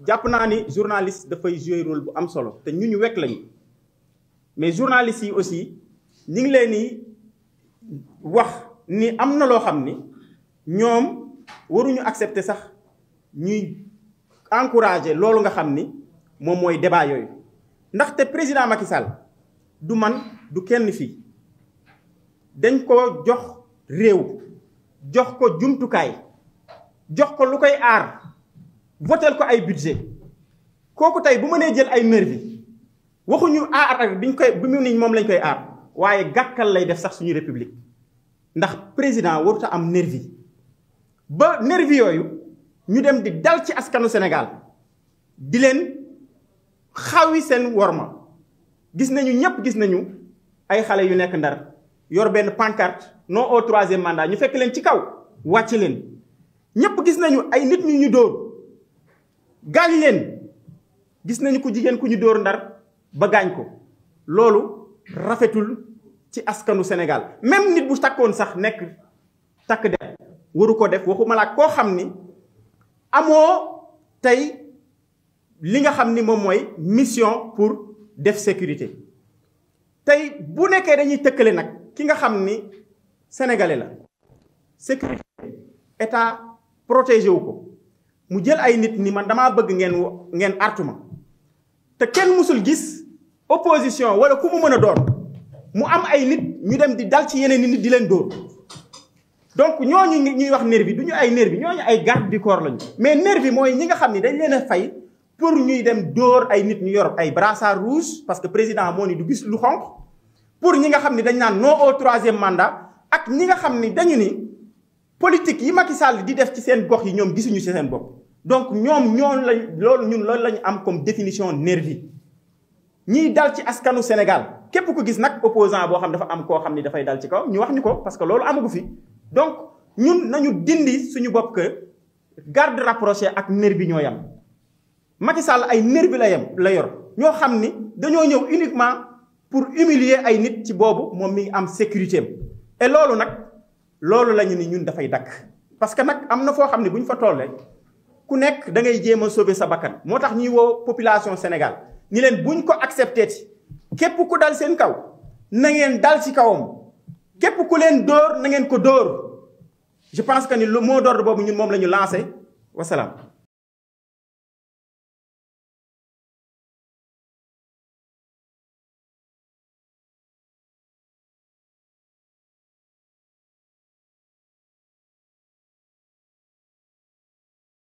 jàpp naa ni journaliste dafay jouer rôle bu am solo te ñu ñu wekk lañu mais journaliste yi aussi ñu ngi leen di wax ni am na loo xam ni ñoom waruñu accepter sax ñuy encourager loolu nga xam ni moom mooy débat yooyu ndaxte président Macky Sall du man du kenn fii dañ ko jox réew jox ko jumtukaay jox ko lu koy aar votel ko ay budget kooku tey bu mënee jël ay nervi waxuñu aar ak biñ koy bi mu niñ moom lañ koy aar waaye gàkkal lay def sax suñu république ndax président waruta am nervi ba nervi yooyu ñu dem di dal ci askanu senegal di leen xawi seen worma gis nañu ñëpp gis nañu ay xale yu nekk ndar yor benn pancarte non au troisième mandat ñu fekk leen ci kaw wàcc leen ñëpp gis nañu ay nit ñu ñu dóor gaañ leen gis nañu ko jigéen ku ñu dóor ndar ba gaañ ko loolu rafetul ci askanu Sénégal même nit bu takkoon sax nekk takk der waru ko def waxuma laa koo xam ni amoo tey li nga xam ni moom mooy mission pour def sécurité tey bu nekkee dañuy tëkkale nag ki nga xam ni sénégalais la sécurité état protégé wu ko mu jël ay nit ni man damaa bëgg ngeen ngeen ma te kenn mosul gis opposition wala ku mu mën a doon mu am ay nit ñu dem di dal ci yeneen nit di leen dóor donc ñooñu ñuy wax nervi du ñu ay nervi ñooñu ay garde du corps lañu mais nervi mooy ñi nga xam ni dañ leen a fay pour ñuy dem dóor ay nit ñu yor ay brassard rouge parce que président moo ni du gis lu xonq pour ñi nga xam ne dañ naan non au troisième mandat ak ñi nga xam ni dañu ni politique yi Macky Sall di def ci seen gox yi ñoom gisuñu ci seen bopp donc ñoom ñoo lañ loolu ñun loolu lañu am comme définition nervi ñiy dal ci askanu Sénégal képp ko gis nag opposant boo xam ne dafa am koo xam ni dafay dal ci kaw ñu wax ñu ko parce que loolu amagu fi donc ñun nañu dindi suñu bopp que garde rapproché ak nervi ñoo yem Macky Sall ay nervi la yem la yor ñoo xam ni dañoo ñëw uniquement pour humilier ay nit ci boobu moom mi ngi am sécurité loolu nag loolu la ñu ni ñun dafay dakk parce que nag am na foo xam ne bu ñu fa tollee ku nekk da ngay jéem a sauver sa bakkan moo tax ñuy woo population Sénégal ni leen buñ ko accepté ti képp ku dal seen kaw na ngeen dal ci kawam képp ku leen dóor na ngeen ko dóor je pense que ni le mot d'ordre boobu ñun moom la ñu lancé wasalaam